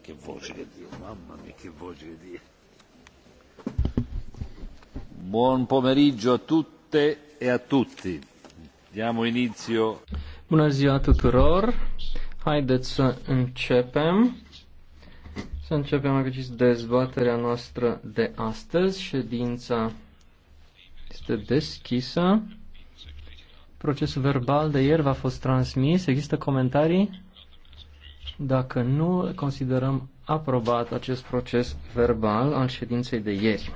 che voce che Dio, mamma mia che voce che Dio. Buon pomeriggio a tutte e a tutti. Diamo inizio. Bună ziua tuturor. Haideți să începem. Să începem mai dezbaterea noastră de astăzi. Ședința este deschisă. Procesul verbal de ieri v-a fost transmis. Există comentarii? dacă nu considerăm aprobat acest proces verbal al ședinței de ieri.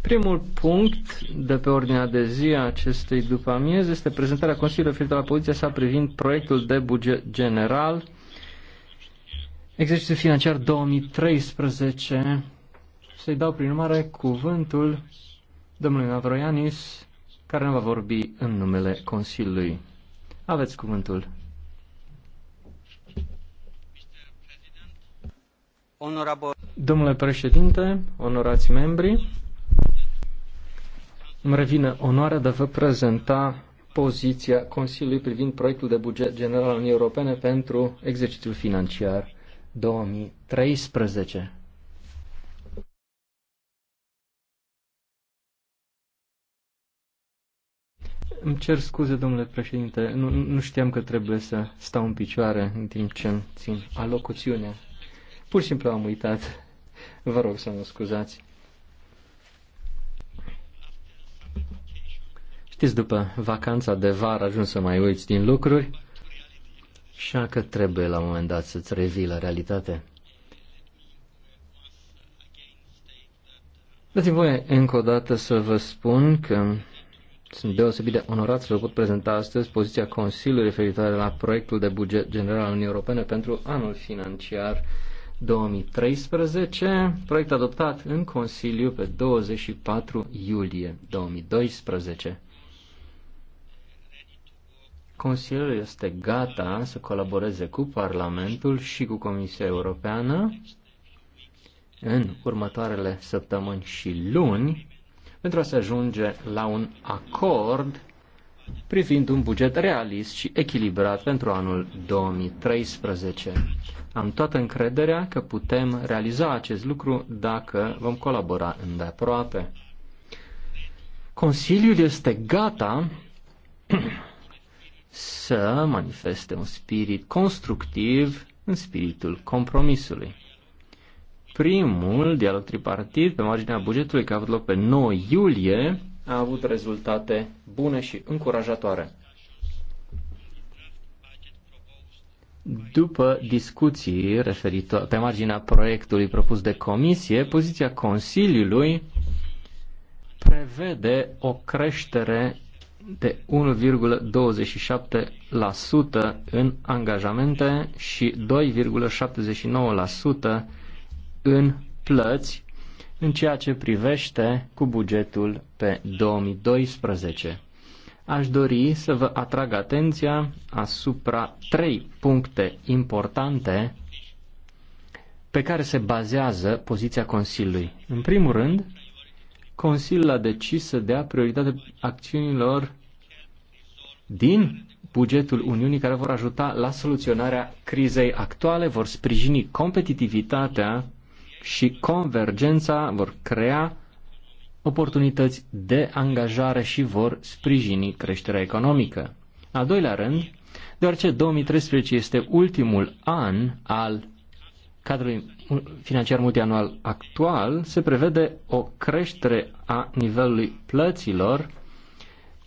Primul punct de pe ordinea de zi a acestei după amiez este prezentarea Consiliului referitor la poziția sa privind proiectul de buget general exercițiu financiar 2013. Să-i dau prin urmare cuvântul domnului Navroianis, care ne va vorbi în numele Consiliului. Aveți cuvântul. Domnule președinte, onorați membri, îmi revine onoarea de a vă prezenta poziția Consiliului privind proiectul de buget general al Uniunii Europene pentru exercițiul financiar 2013. Îmi cer scuze, domnule președinte, nu, nu știam că trebuie să stau în picioare în timp ce țin alocuțiunea. Pur și simplu am uitat. Vă rog să mă scuzați. Știți, după vacanța de vară ajuns să mai uiți din lucruri, așa că trebuie la un moment dat să-ți revii la realitate. Dați-mi voie încă o dată să vă spun că sunt deosebit de onorat să vă pot prezenta astăzi poziția Consiliului referitoare la proiectul de buget general al Uniunii Europene pentru anul financiar 2013, proiect adoptat în Consiliu pe 24 iulie 2012. Consiliul este gata să colaboreze cu Parlamentul și cu Comisia Europeană în următoarele săptămâni și luni pentru a se ajunge la un acord privind un buget realist și echilibrat pentru anul 2013. Am toată încrederea că putem realiza acest lucru dacă vom colabora îndeaproape. Consiliul este gata să manifeste un spirit constructiv în spiritul compromisului. Primul dialog tripartit pe marginea bugetului care a avut loc pe 9 iulie a avut rezultate bune și încurajatoare. După discuții referitor pe marginea proiectului propus de comisie, poziția Consiliului prevede o creștere de 1,27% în angajamente și 2,79% în plăți în ceea ce privește cu bugetul pe 2012. Aș dori să vă atrag atenția asupra trei puncte importante pe care se bazează poziția Consiliului. În primul rând, Consiliul a decis să dea prioritate acțiunilor din bugetul Uniunii care vor ajuta la soluționarea crizei actuale, vor sprijini competitivitatea și convergența vor crea oportunități de angajare și vor sprijini creșterea economică. Al doilea rând, deoarece 2013 este ultimul an al cadrului financiar multianual actual, se prevede o creștere a nivelului plăților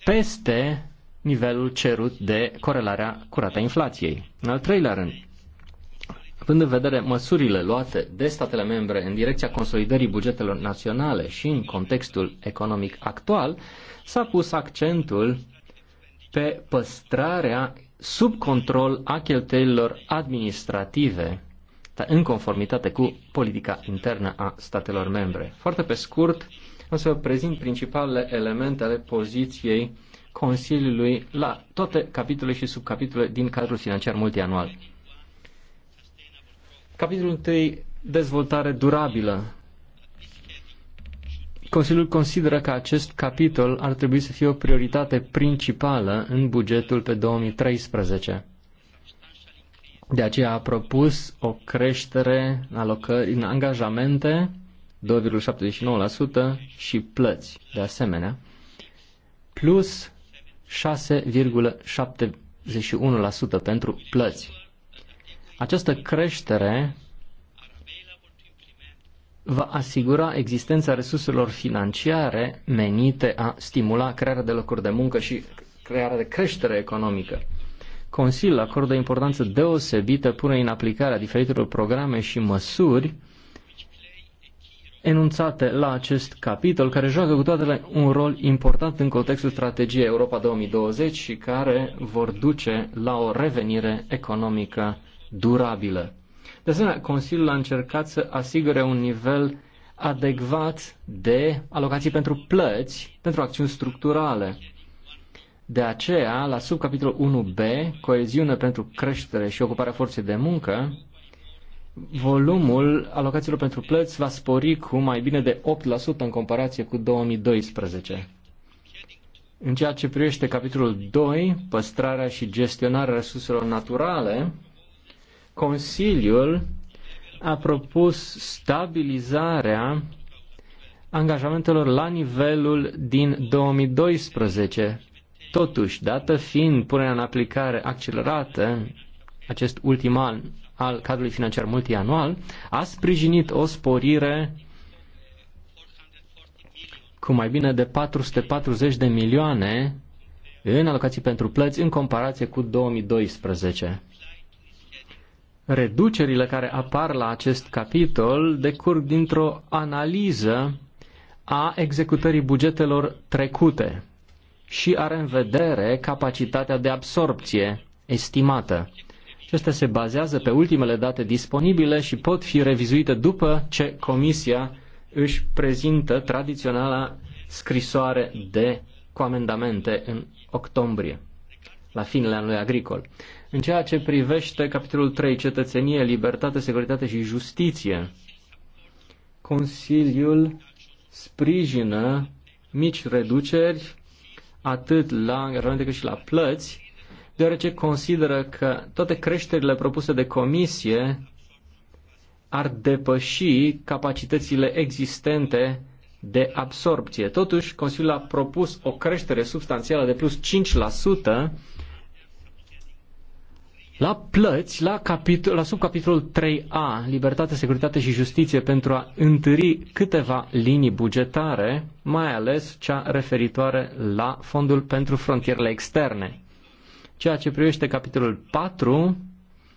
peste nivelul cerut de corelarea curată a inflației. În al treilea rând, Având în vedere măsurile luate de statele membre în direcția consolidării bugetelor naționale și în contextul economic actual, s-a pus accentul pe păstrarea sub control a cheltuielilor administrative în conformitate cu politica internă a statelor membre. Foarte pe scurt, o să vă prezint principalele elemente ale poziției Consiliului la toate capitole și subcapitole din cadrul financiar multianual. Capitolul 1. Dezvoltare durabilă. Consiliul consideră că acest capitol ar trebui să fie o prioritate principală în bugetul pe 2013. De aceea a propus o creștere în alocări în angajamente 2,79% și plăți de asemenea, plus 6,71% pentru plăți. Această creștere va asigura existența resurselor financiare menite a stimula crearea de locuri de muncă și crearea de creștere economică. Consiliul acordă importanță deosebită pune în aplicarea diferitelor programe și măsuri enunțate la acest capitol, care joacă cu toate un rol important în contextul strategiei Europa 2020 și care vor duce la o revenire economică durabile. De asemenea, Consiliul a încercat să asigure un nivel adecvat de alocații pentru plăți, pentru acțiuni structurale. De aceea, la subcapitolul 1b, coeziune pentru creștere și ocuparea forței de muncă, volumul alocațiilor pentru plăți va spori cu mai bine de 8% în comparație cu 2012. În ceea ce privește capitolul 2, păstrarea și gestionarea resurselor naturale, Consiliul a propus stabilizarea angajamentelor la nivelul din 2012. Totuși, dată fiind punerea în aplicare accelerată în acest ultim an al cadrului financiar multianual, a sprijinit o sporire cu mai bine de 440 de milioane în alocații pentru plăți în comparație cu 2012 reducerile care apar la acest capitol decurg dintr-o analiză a executării bugetelor trecute și are în vedere capacitatea de absorpție estimată. Acestea se bazează pe ultimele date disponibile și pot fi revizuite după ce Comisia își prezintă tradiționala scrisoare de cu amendamente în octombrie, la finele anului agricol. În ceea ce privește capitolul 3, cetățenie, libertate, securitate și justiție, Consiliul sprijină mici reduceri atât la angajamente cât și la plăți, deoarece consideră că toate creșterile propuse de comisie ar depăși capacitățile existente de absorpție. Totuși, Consiliul a propus o creștere substanțială de plus 5% la plăți, la, capitol, la subcapitolul 3A, Libertate, Securitate și Justiție, pentru a întări câteva linii bugetare, mai ales cea referitoare la Fondul pentru Frontierele Externe. Ceea ce privește capitolul 4,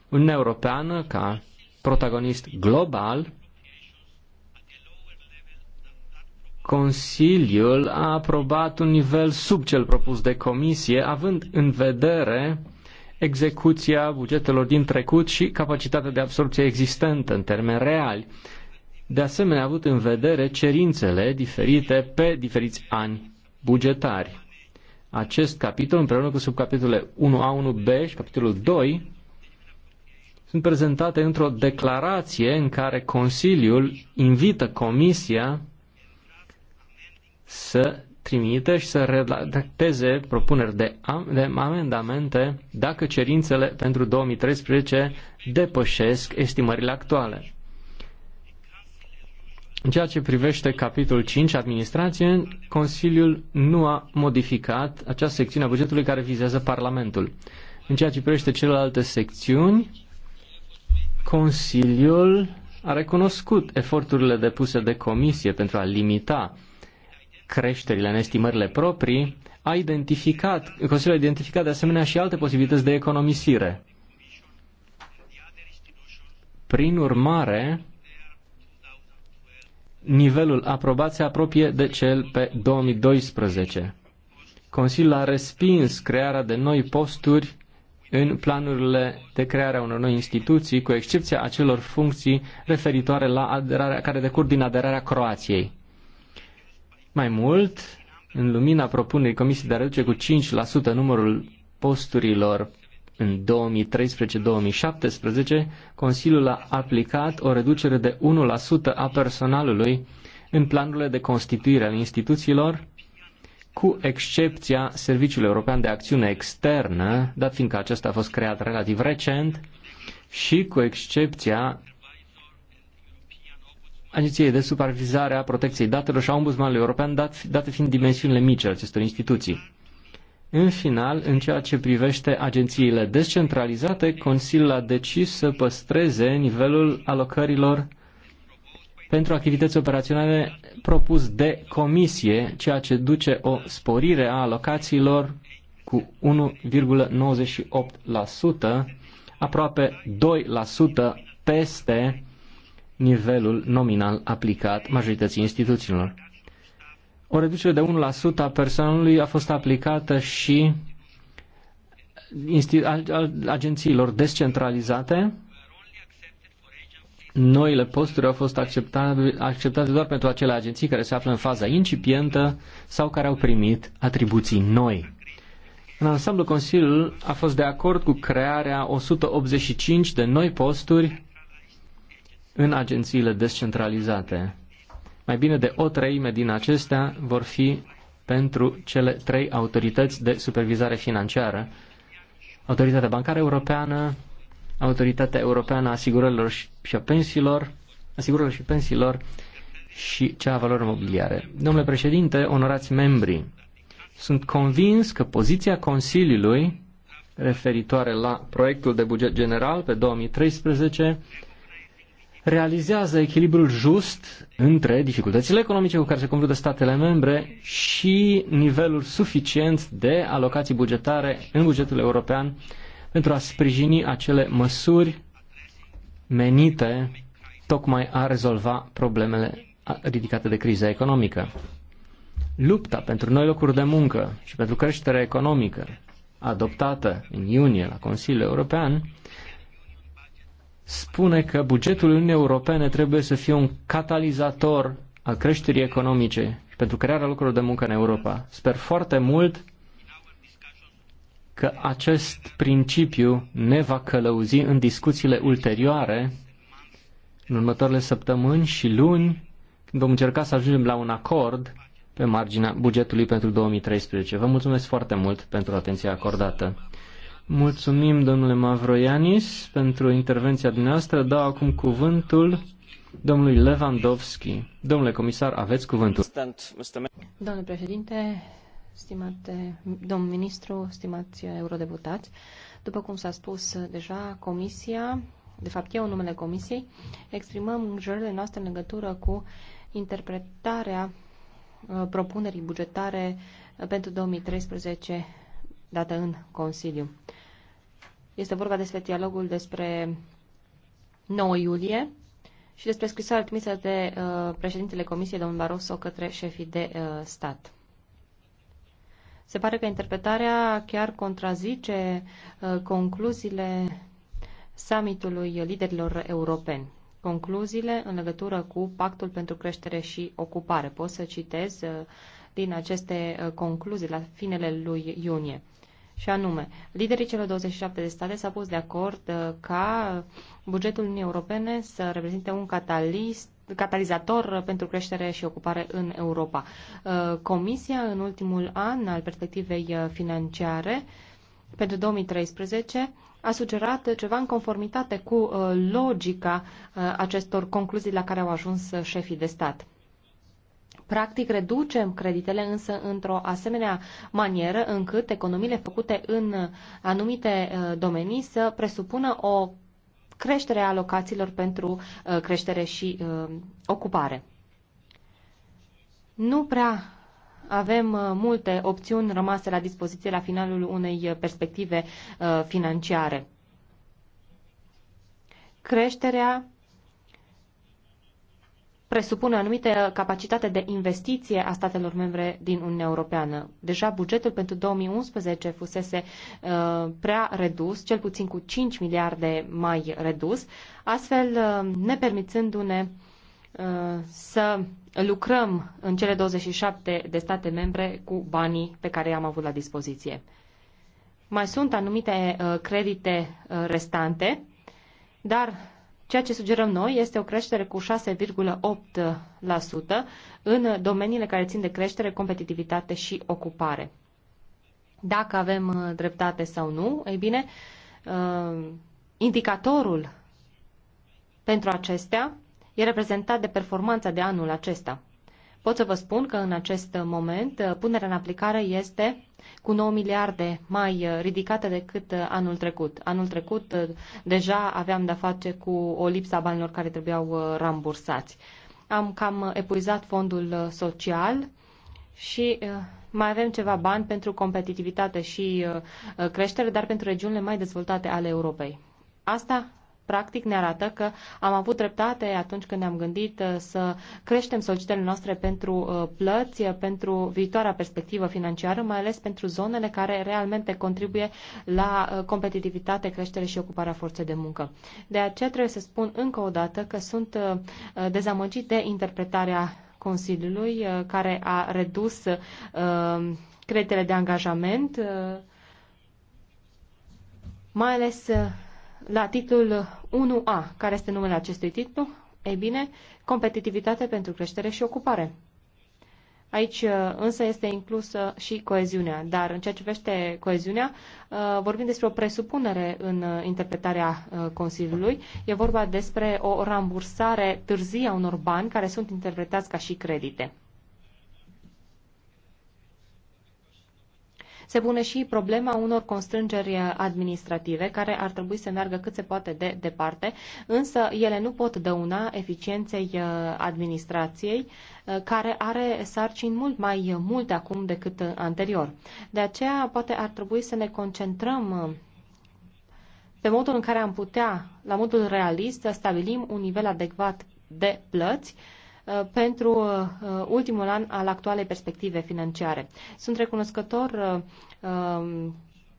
Uniunea Europeană, ca protagonist global, Consiliul a aprobat un nivel sub cel propus de comisie, având în vedere execuția bugetelor din trecut și capacitatea de absorpție existentă în termeni reali. De asemenea, a avut în vedere cerințele diferite pe diferiți ani bugetari. Acest capitol, împreună cu subcapitolele 1A, 1B și capitolul 2, sunt prezentate într-o declarație în care Consiliul invită Comisia să trimită și să redacteze propuneri de, am, de amendamente dacă cerințele pentru 2013 depășesc estimările actuale. În ceea ce privește capitolul 5, administrație, Consiliul nu a modificat această secțiune a bugetului care vizează Parlamentul. În ceea ce privește celelalte secțiuni, Consiliul a recunoscut eforturile depuse de Comisie pentru a limita creșterile în estimările proprii, a identificat, Consiliul a identificat de asemenea și alte posibilități de economisire. Prin urmare, nivelul aprobat se apropie de cel pe 2012. Consiliul a respins crearea de noi posturi în planurile de creare a unor noi instituții, cu excepția acelor funcții referitoare la aderarea care decur din aderarea Croației. Mai mult, în lumina propunerii Comisiei de a reduce cu 5% numărul posturilor în 2013-2017, Consiliul a aplicat o reducere de 1% a personalului în planurile de constituire ale instituțiilor, cu excepția Serviciului European de Acțiune Externă, dat fiindcă acesta a fost creat relativ recent, și cu excepția Agenției de Supervizare a Protecției Datelor și a Ombudsmanului European, dat, date fiind dimensiunile mici ale acestor instituții. În final, în ceea ce privește agențiile descentralizate, Consiliul a decis să păstreze nivelul alocărilor pentru activități operaționale propus de comisie, ceea ce duce o sporire a alocațiilor cu 1,98%, aproape 2% peste nivelul nominal aplicat majorității instituțiilor. O reducere de 1% a personalului a fost aplicată și agențiilor descentralizate. Noile posturi au fost acceptate, acceptate doar pentru acele agenții care se află în faza incipientă sau care au primit atribuții noi. În ansamblu, Consiliul a fost de acord cu crearea 185 de noi posturi în agențiile descentralizate. Mai bine de o treime din acestea vor fi pentru cele trei autorități de supervizare financiară, Autoritatea Bancară Europeană, Autoritatea Europeană a Asigurărilor și a Pensiilor, Asigurărilor și Pensiilor și cea a valorilor mobiliare. Domnule președinte, onorați membri, sunt convins că poziția Consiliului referitoare la proiectul de buget general pe 2013 realizează echilibrul just între dificultățile economice cu care se confruntă statele membre și nivelul suficient de alocații bugetare în bugetul european pentru a sprijini acele măsuri menite tocmai a rezolva problemele ridicate de criza economică. Lupta pentru noi locuri de muncă și pentru creșterea economică adoptată în iunie la Consiliul European spune că bugetul Uniunii Europene trebuie să fie un catalizator al creșterii economice și pentru crearea locurilor de muncă în Europa. Sper foarte mult că acest principiu ne va călăuzi în discuțiile ulterioare în următoarele săptămâni și luni, când vom încerca să ajungem la un acord pe marginea bugetului pentru 2013. Vă mulțumesc foarte mult pentru atenția acordată. Mulțumim, domnule Mavroianis, pentru intervenția dumneavoastră. Dau acum cuvântul domnului Lewandowski. Domnule comisar, aveți cuvântul. Domnule președinte, stimate domn ministru, stimați eurodeputați, după cum s-a spus deja, Comisia, de fapt eu în numele Comisiei, exprimăm îngrijorările noastre în legătură cu interpretarea uh, propunerii bugetare uh, pentru 2013 dată în Consiliu. Este vorba despre dialogul despre 9 iulie și despre scrisoarea trimisă de uh, președintele Comisiei, domnul Barroso, către șefii de uh, stat. Se pare că interpretarea chiar contrazice uh, concluziile summitului liderilor europeni. Concluziile în legătură cu Pactul pentru Creștere și Ocupare. Pot să citez uh, din aceste uh, concluzii la finele lui iunie. Și anume, liderii celor 27 de state s-au pus de acord uh, ca bugetul Uniunii Europene să reprezinte un catalist catalizator pentru creștere și ocupare în Europa. Uh, Comisia, în ultimul an al perspectivei uh, financiare pentru 2013, a sugerat ceva în conformitate cu logica acestor concluzii la care au ajuns șefii de stat. Practic reducem creditele însă într-o asemenea manieră încât economiile făcute în anumite uh, domenii să presupună o creștere a alocațiilor pentru uh, creștere și uh, ocupare. Nu prea avem multe opțiuni rămase la dispoziție la finalul unei perspective financiare. Creșterea presupune o anumită capacitate de investiție a statelor membre din Uniunea Europeană. Deja bugetul pentru 2011 fusese uh, prea redus, cel puțin cu 5 miliarde mai redus, astfel uh, nepermițându-ne uh, să lucrăm în cele 27 de state membre cu banii pe care i-am avut la dispoziție. Mai sunt anumite uh, credite uh, restante, dar Ceea ce sugerăm noi este o creștere cu 6,8% în domeniile care țin de creștere, competitivitate și ocupare. Dacă avem uh, dreptate sau nu, ei bine, uh, indicatorul pentru acestea e reprezentat de performanța de anul acesta. Pot să vă spun că în acest moment uh, punerea în aplicare este cu 9 miliarde mai uh, ridicată decât uh, anul trecut. Anul trecut deja aveam de-a face cu o lipsă a banilor care trebuiau rambursați. Am cam epuizat fondul social și mai avem ceva bani pentru competitivitate și creștere, dar pentru regiunile mai dezvoltate ale Europei. Asta practic ne arată că am avut dreptate atunci când ne-am gândit uh, să creștem solicitările noastre pentru uh, plăți, uh, pentru viitoarea perspectivă financiară, mai ales pentru zonele care realmente contribuie la competitivitate, creștere și ocuparea forței de muncă. De aceea trebuie să spun încă o dată că sunt dezamăgit de interpretarea Consiliului care a redus creditele de angajament mai ales la titlul 1A, care este numele acestui titlu? Ei bine, competitivitate pentru creștere și ocupare. Aici uh, însă este inclusă și coeziunea, dar în ceea ce privește coeziunea, uh, vorbim despre o presupunere în uh, interpretarea Consiliului. E vorba despre o rambursare târzie a unor bani care sunt interpretați ca și credite. se pune și problema unor constrângeri administrative care ar trebui să meargă cât se poate de departe, însă ele nu pot dăuna eficienței uh, administrației uh, care are sarcini mult mai multe acum decât uh, anterior. De aceea, poate ar trebui să ne concentrăm pe modul în care am putea, la modul realist, să stabilim un nivel adecvat de plăți Uh, pentru uh, uh, ultimul an al actualei perspective financiare. Sunt recunoscător um,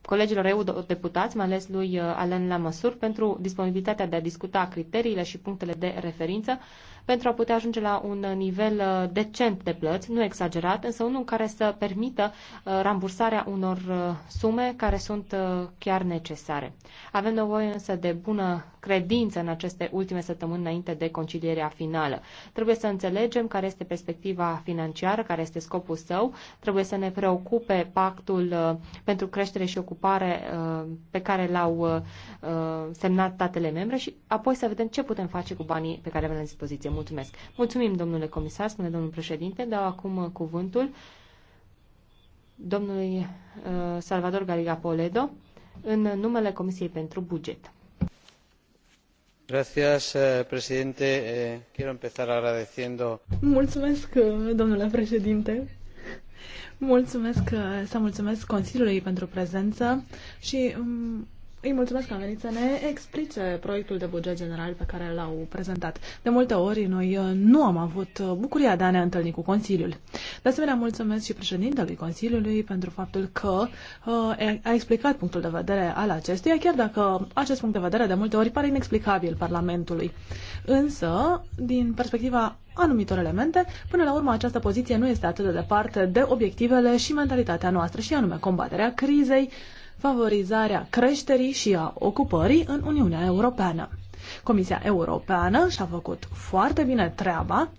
colegilor deputați, mai ales lui Alain Lamasur, pentru disponibilitatea de a discuta criteriile și punctele de referință pentru a putea ajunge la un nivel uh, decent de plăți, nu exagerat, însă unul care să permită uh, rambursarea unor uh, sume care sunt chiar necesare. Avem nevoie însă de bună credință în aceste ultime săptămâni înainte de concilierea finală. Trebuie să înțelegem care este perspectiva financiară, care este scopul său, trebuie să ne preocupe pactul pentru creștere și ocupare pe care l-au semnat statele membre și apoi să vedem ce putem face cu banii pe care avem la dispoziție. Mulțumesc. Mulțumim, domnule comisar, spune domnul președinte. Dau acum uh, cuvântul domnului uh, Salvador Gariga Poledo în numele Comisiei pentru Buget. Gracias, uh, presidente. Eh, quiero empezar agradeciendo. Mulțumesc, domnule președinte. Mulțumesc, să mulțumesc Consiliului pentru prezență și um, îi mulțumesc că am venit să ne explice proiectul de buget general pe care l-au prezentat. De multe ori noi uh, nu am avut uh, bucuria de a ne întâlni cu Consiliul. De asemenea, mulțumesc și președintelui Consiliului pentru faptul că uh, a explicat punctul de vedere al acestuia, chiar dacă acest punct de vedere de multe ori pare inexplicabil Parlamentului. Însă, din perspectiva anumitor elemente. Până la urmă, această poziție nu este atât de departe de obiectivele și mentalitatea noastră, și anume combaterea crizei, favorizarea creșterii și a ocupării în Uniunea Europeană. Comisia Europeană și-a făcut foarte bine treaba.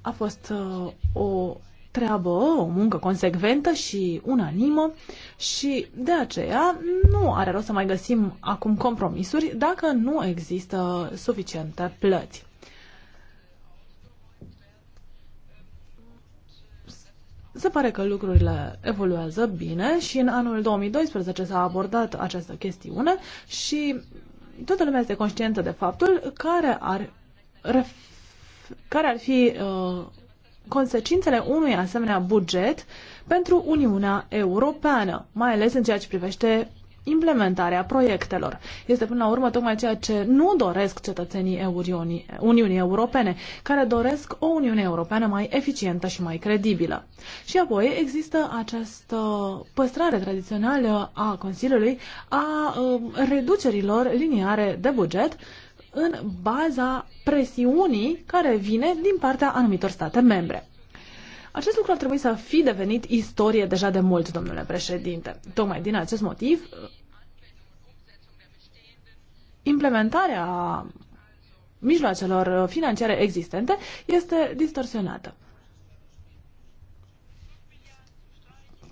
A fost uh, o treabă, o muncă consecventă și unanimă și de aceea nu are rost să mai găsim acum compromisuri dacă nu există suficiente plăți. Se pare că lucrurile evoluează bine și în anul 2012 s-a abordat această chestiune și toată lumea este conștientă de faptul care ar, ref, care ar fi uh, consecințele unui asemenea buget pentru Uniunea Europeană, mai ales în ceea ce privește implementarea proiectelor. Este până la urmă tocmai ceea ce nu doresc cetățenii Uniunii, Uniunii Europene, care doresc o Uniune Europeană mai eficientă și mai credibilă. Și apoi există această păstrare tradițională a Consiliului a um, reducerilor liniare de buget în baza presiunii care vine din partea anumitor state membre. Acest lucru ar trebui să fi devenit istorie deja de mult, domnule președinte. Tocmai din acest motiv, implementarea mijloacelor financiare existente este distorsionată.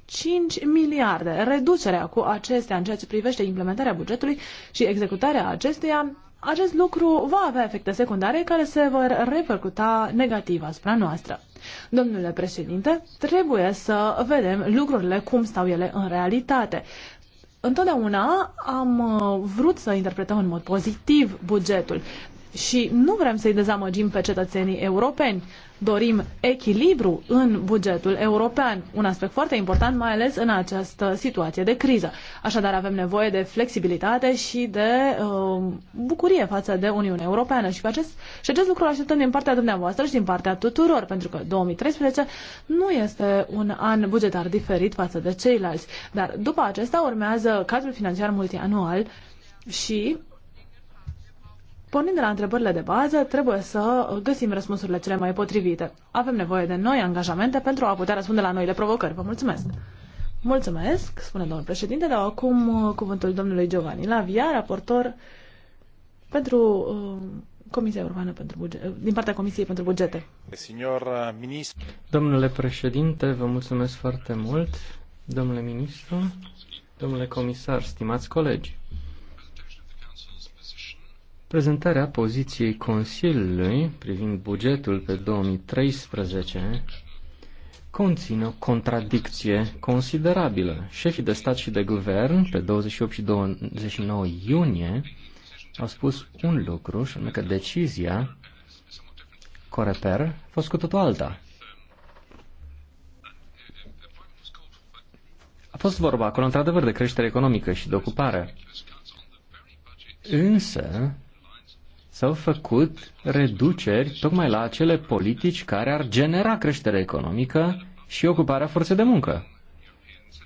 5 miliarde. Reducerea cu acestea în ceea ce privește implementarea bugetului și executarea acesteia acest lucru va avea efecte secundare care se vor repercuta negativ asupra noastră. Domnule președinte, trebuie să vedem lucrurile cum stau ele în realitate. Întotdeauna am uh, vrut să interpretăm în mod pozitiv bugetul, și nu vrem să-i dezamăgim pe cetățenii europeni. Dorim echilibru în bugetul european, un aspect foarte important, mai ales în această situație de criză. Așadar, avem nevoie de flexibilitate și de uh, bucurie față de Uniunea Europeană și, pe acest, și acest lucru așteptăm din partea dumneavoastră și din partea tuturor, pentru că 2013 nu este un an bugetar diferit față de ceilalți. Dar după acesta urmează cadrul financiar multianual și Pornind de la întrebările de bază, trebuie să găsim răspunsurile cele mai potrivite. Avem nevoie de noi angajamente pentru a putea răspunde la noile provocări. Vă mulțumesc! Mulțumesc, spune domnul președinte, dar acum uh, cuvântul domnului Giovanni Lavia, raportor pentru uh, Comisia Urbană pentru bugete, uh, din partea Comisiei pentru Bugete. Signor uh, ministru. Domnule președinte, vă mulțumesc foarte mult. Domnule ministru, domnule comisar, stimați colegi. Prezentarea poziției Consiliului privind bugetul pe 2013 conține o contradicție considerabilă. Șefii de stat și de guvern, pe 28 și 29 iunie, au spus un lucru, și anume că decizia Coreper a fost cu totul alta. A fost vorba acolo, într-adevăr, de creștere economică și de ocupare. Însă, s-au făcut reduceri tocmai la acele politici care ar genera creștere economică și ocuparea forței de muncă.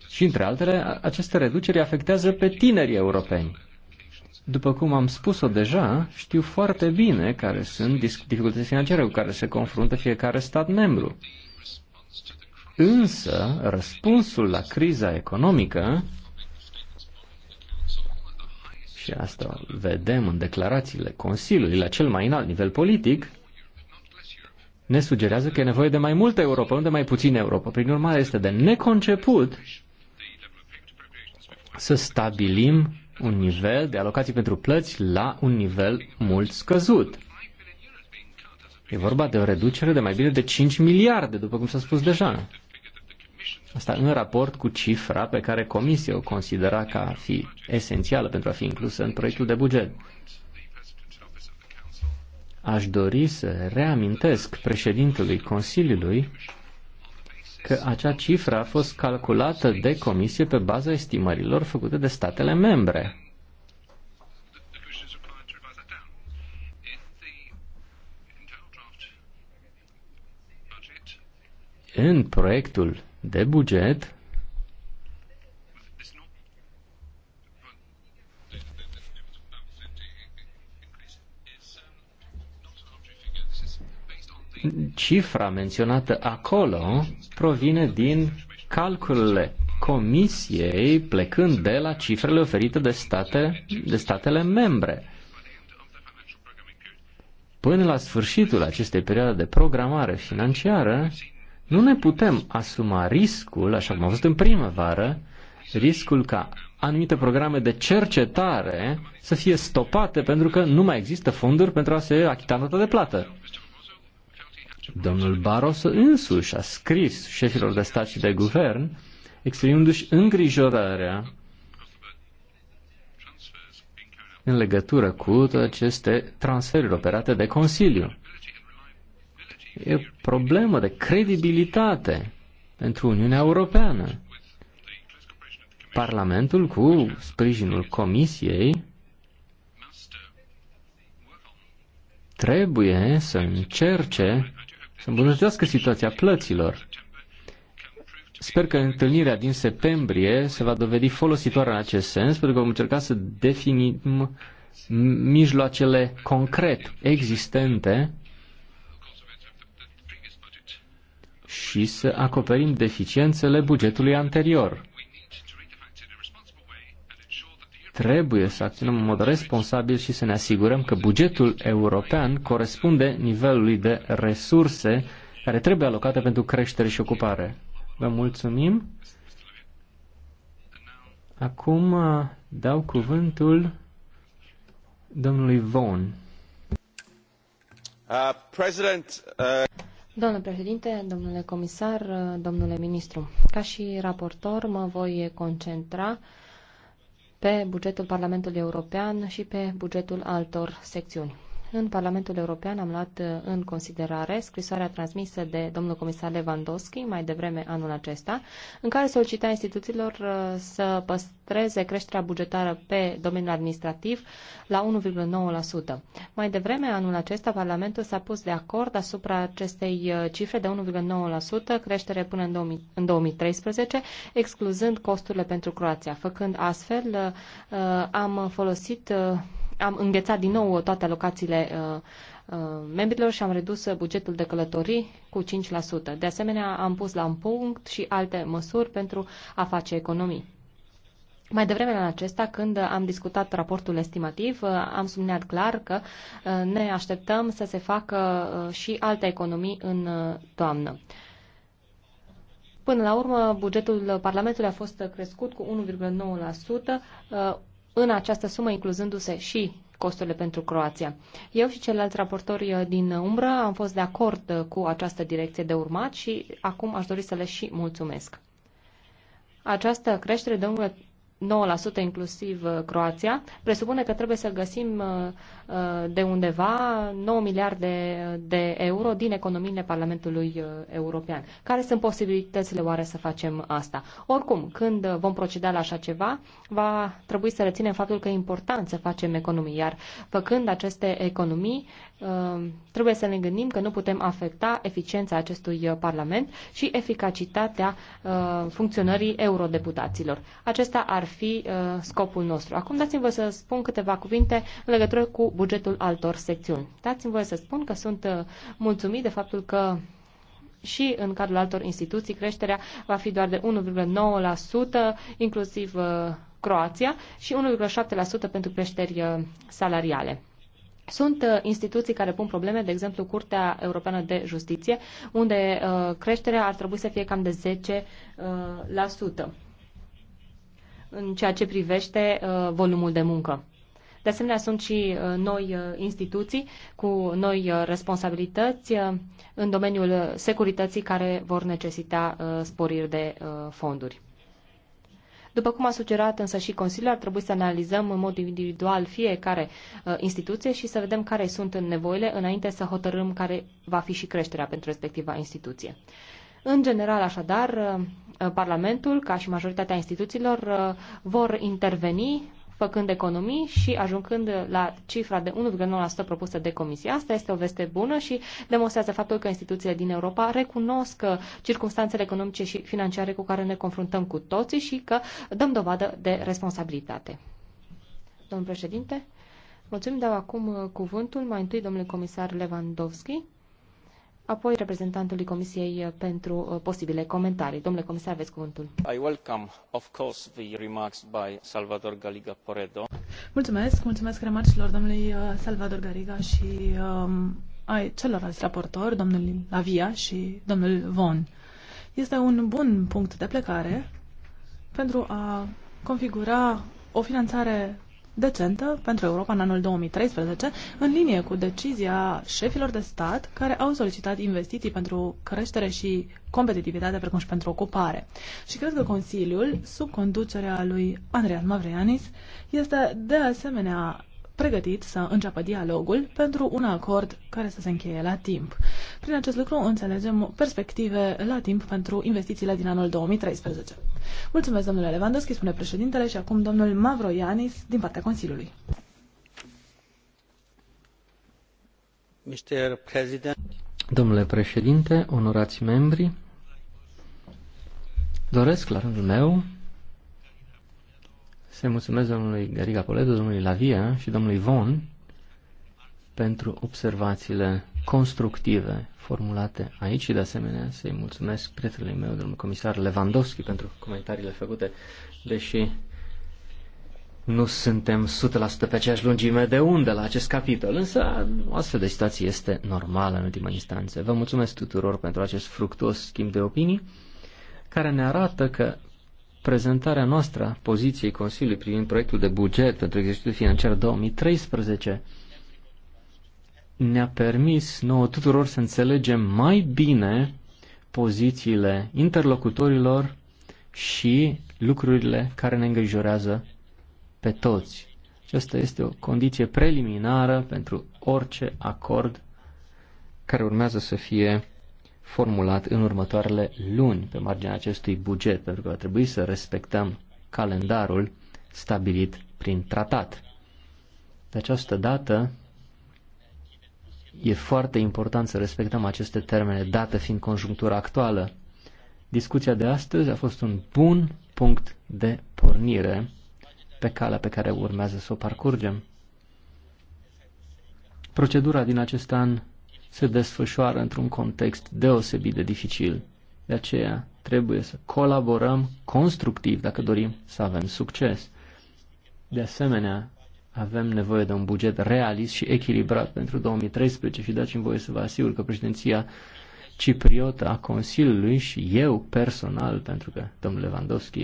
Și între altele, aceste reduceri afectează pe tinerii europeni. După cum am spus-o deja, știu foarte bine care sunt dificultățile financiare cu care se confruntă fiecare stat membru. Însă, răspunsul la criza economică și asta vedem în declarațiile Consiliului la cel mai înalt nivel politic, ne sugerează că e nevoie de mai multă Europa, nu de mai puțină Europa. Prin urmare, este de neconceput să stabilim un nivel de alocații pentru plăți la un nivel mult scăzut. E vorba de o reducere de mai bine de 5 miliarde, după cum s-a spus deja. Asta în raport cu cifra pe care Comisia o considera ca a fi esențială pentru a fi inclusă în proiectul de buget. Aș dori să reamintesc președintelui Consiliului că acea cifră a fost calculată de Comisie pe baza estimărilor făcute de statele membre. În proiectul de buget cifra menționată acolo provine din calculele Comisiei plecând de la cifrele oferite de, state, de statele membre. Până la sfârșitul acestei perioade de programare financiară, nu ne putem asuma riscul, așa cum am văzut în primăvară, riscul ca anumite programe de cercetare să fie stopate pentru că nu mai există fonduri pentru a se achita nota de plată. Domnul Barroso însuși a scris șefilor de stat și de guvern, exprimându-și îngrijorarea în legătură cu toate aceste transferuri operate de Consiliu. E o problemă de credibilitate pentru Uniunea Europeană. Parlamentul, cu sprijinul Comisiei, trebuie să încerce să îmbunătățească situația plăților. Sper că întâlnirea din septembrie se va dovedi folositoare în acest sens, pentru că vom încerca să definim mijloacele concret existente și să acoperim deficiențele bugetului anterior. Trebuie să acționăm în mod responsabil și să ne asigurăm că bugetul european corespunde nivelului de resurse care trebuie alocate pentru creștere și ocupare. Vă mulțumim. Acum uh, dau cuvântul domnului Vaughan. Uh, President, uh... Domnule președinte, domnule comisar, domnule ministru, ca și raportor mă voi concentra pe bugetul Parlamentului European și pe bugetul altor secțiuni. În Parlamentul European am luat uh, în considerare scrisoarea transmisă de domnul comisar Lewandowski mai devreme anul acesta, în care solicita instituțiilor uh, să păstreze creșterea bugetară pe domeniul administrativ la 1,9%. Mai devreme anul acesta, Parlamentul s-a pus de acord asupra acestei uh, cifre de 1,9% creștere până în, în 2013, excluzând costurile pentru Croația. Făcând astfel, am folosit am înghețat din nou toate alocațiile uh, uh, membrilor și am redus bugetul de călătorii cu 5%. De asemenea, am pus la un punct și alte măsuri pentru a face economii. Mai devreme în acesta, când am discutat raportul estimativ, uh, am subliniat clar că ne așteptăm să se facă și alte economii în toamnă. Până la urmă, bugetul Parlamentului a fost crescut cu 1,9%, în această sumă, incluzându-se și costurile pentru Croația. Eu și celălalt raportor uh, din umbră am fost de acord uh, cu această direcție de urmat și acum aș dori să le și mulțumesc. Această creștere de 9% inclusiv uh, Croația presupune că trebuie să găsim Uh, de undeva 9 miliarde de euro din economiile Parlamentului uh, European. Care sunt posibilitățile oare să facem asta? Oricum, când vom proceda la așa ceva, va trebui să reținem faptul că e important să facem economii, iar făcând aceste economii, uh, trebuie să ne gândim că nu putem afecta eficiența acestui Parlament și eficacitatea funcționării eurodeputaților. Acesta ar fi scopul nostru. Acum dați-mi vă să spun câteva cuvinte în legătură cu bugetul altor secțiuni. Dați-mi voie să spun că sunt uh, mulțumit de faptul că și în cadrul altor instituții creșterea va fi doar de 1,9%, inclusiv uh, Croația, și 1,7% pentru creșteri uh, salariale. Sunt instituții care pun probleme, de exemplu Curtea Europeană de Justiție, unde creșterea ar trebui să fie cam de 10% în ceea ce privește volumul de muncă. De asemenea, sunt și uh, noi uh, instituții cu noi uh, responsabilități în domeniul securității care vor necesita sporiri de fonduri. După cum a sugerat însă și Consiliul, ar trebui să analizăm în mod individual fiecare uh, instituție și să vedem care sunt nevoile înainte să hotărâm care va fi și creșterea pentru respectiva instituție. În general, așadar, Parlamentul, ca și majoritatea instituțiilor, vor interveni făcând economii și ajungând la cifra de 1,9% propusă de comisie. Asta este o veste bună și demonstrează faptul că instituțiile din Europa recunosc circunstanțele economice și financiare cu care ne confruntăm cu toții și că dăm dovadă de responsabilitate. Domnul președinte, mulțumim, de acum cuvântul mai întâi domnului comisar Lewandowski apoi reprezentantului Comisiei uh, pentru uh, posibile comentarii. Domnule comisar, aveți cuvântul. I welcome, of course, the remarks by Salvador Galiga Poredo. Mulțumesc, mulțumesc remarcilor domnului uh, Salvador Gariga și um, ai celorlalți raportori, domnul Lavia și domnul Von. Este un bun punct de plecare pentru a configura o finanțare decentă pentru Europa în anul 2013, în linie cu decizia șefilor de stat care au solicitat investiții pentru creștere și competitivitate, precum și pentru ocupare. Și cred că Consiliul, sub conducerea lui Andreas Mavrianis, este de asemenea pregătit să înceapă dialogul pentru un acord care să se încheie la timp. Prin acest lucru înțelegem perspective la timp pentru investițiile din anul 2013. Mulțumesc, domnule Lewandowski, spune președintele, și acum domnul Mavroianis din partea Consiliului. Domnule președinte, onorați membri, doresc la rândul meu să mulțumesc domnului Gariga Poledo, domnului Lavia și domnului Von pentru observațiile constructive formulate aici și de asemenea să-i mulțumesc prietenului meu, domnul comisar Lewandowski, pentru comentariile făcute, deși nu suntem 100% pe aceeași lungime de undă la acest capitol, însă o astfel de situație este normală în ultima instanță. Vă mulțumesc tuturor pentru acest fructuos schimb de opinii, care ne arată că prezentarea noastră a poziției Consiliului privind proiectul de buget pentru exercițiul financiar 2013 ne-a permis nouă tuturor să înțelegem mai bine pozițiile interlocutorilor și lucrurile care ne îngrijorează pe toți. Aceasta este o condiție preliminară pentru orice acord care urmează să fie formulat în următoarele luni pe marginea acestui buget, pentru că va trebui să respectăm calendarul stabilit prin tratat. De această dată, e foarte important să respectăm aceste termene, dată fiind conjunctura actuală. Discuția de astăzi a fost un bun punct de pornire pe calea pe care urmează să o parcurgem. Procedura din acest an se desfășoară într-un context deosebit de dificil. De aceea trebuie să colaborăm constructiv dacă dorim să avem succes. De asemenea, avem nevoie de un buget realist și echilibrat pentru 2013 și dați-mi voie să vă asigur că președinția cipriotă a Consiliului și eu personal, pentru că domnul Lewandowski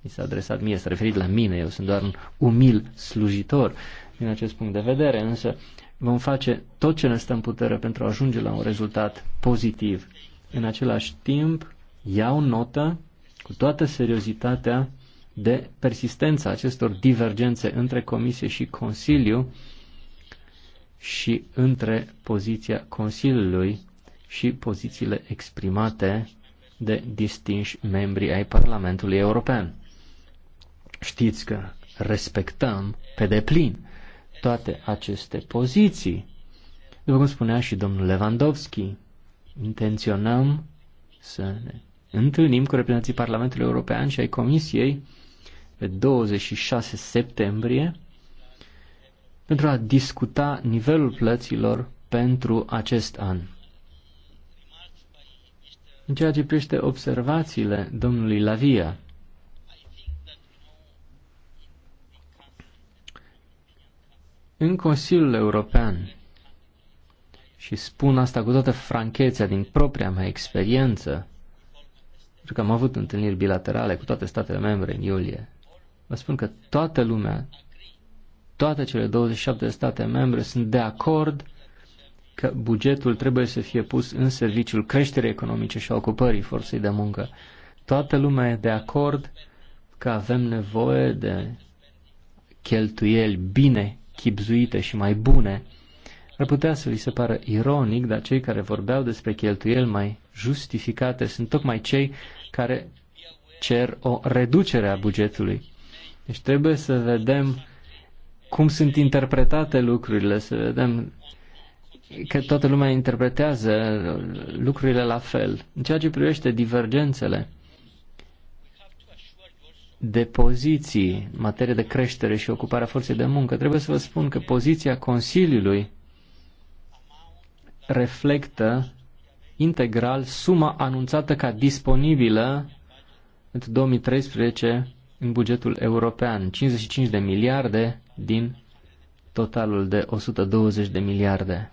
mi s-a adresat mie, s-a referit la mine, eu sunt doar un umil slujitor din acest punct de vedere, însă vom face tot ce ne stă în putere pentru a ajunge la un rezultat pozitiv. În același timp, iau notă cu toată seriozitatea de persistența acestor divergențe între Comisie și Consiliu și între poziția Consiliului și pozițiile exprimate de distinși membri ai Parlamentului European. Știți că respectăm pe deplin toate aceste poziții. După cum spunea și domnul Lewandowski, intenționăm să ne întâlnim cu reprezentanții Parlamentului European și ai Comisiei pe 26 septembrie pentru a discuta nivelul plăților pentru acest an. În ceea ce privește observațiile domnului Lavia, în Consiliul European, și spun asta cu toată franchețea din propria mea experiență, pentru că am avut întâlniri bilaterale cu toate statele membre în iulie, vă spun că toată lumea, toate cele 27 de state membre sunt de acord că bugetul trebuie să fie pus în serviciul creșterii economice și a ocupării forței de muncă. Toată lumea e de acord că avem nevoie de cheltuieli bine chipzuite și mai bune. Ar putea să vi se pară ironic, dar cei care vorbeau despre cheltuieli mai justificate sunt tocmai cei care cer o reducere a bugetului. Deci trebuie să vedem cum sunt interpretate lucrurile, să vedem că toată lumea interpretează lucrurile la fel. În ceea ce privește divergențele de poziții în materie de creștere și ocuparea forței de muncă, trebuie să vă spun că poziția Consiliului reflectă integral suma anunțată ca disponibilă pentru 2013 în bugetul european, 55 de miliarde din totalul de 120 de miliarde.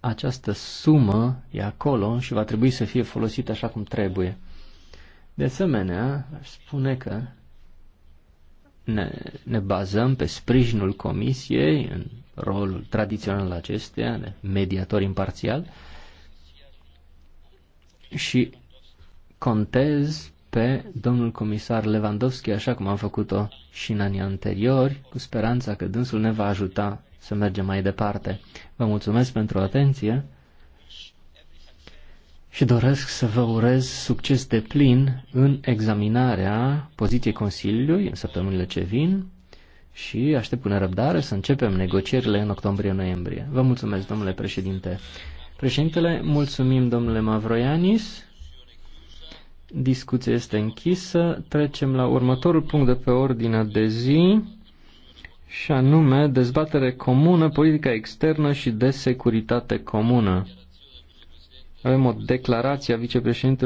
Această sumă e acolo și va trebui să fie folosită așa cum trebuie. De asemenea, aș spune că ne, ne bazăm pe sprijinul comisiei în rolul tradițional acesteia de mediator imparțial, și contez pe domnul comisar Lewandowski, așa cum am făcut-o și în anii anteriori, cu speranța că dânsul ne va ajuta să mergem mai departe. Vă mulțumesc pentru atenție și doresc să vă urez succes de plin în examinarea poziției Consiliului în săptămânile ce vin și aștept cu nerăbdare să începem negocierile în octombrie-noiembrie. Vă mulțumesc, domnule președinte. Președintele, mulțumim domnule Mavroianis. Discuția este închisă. Trecem la următorul punct de pe ordinea de zi și anume dezbatere comună, politica externă și de securitate comună. Avem o declarație a vicepreședintelui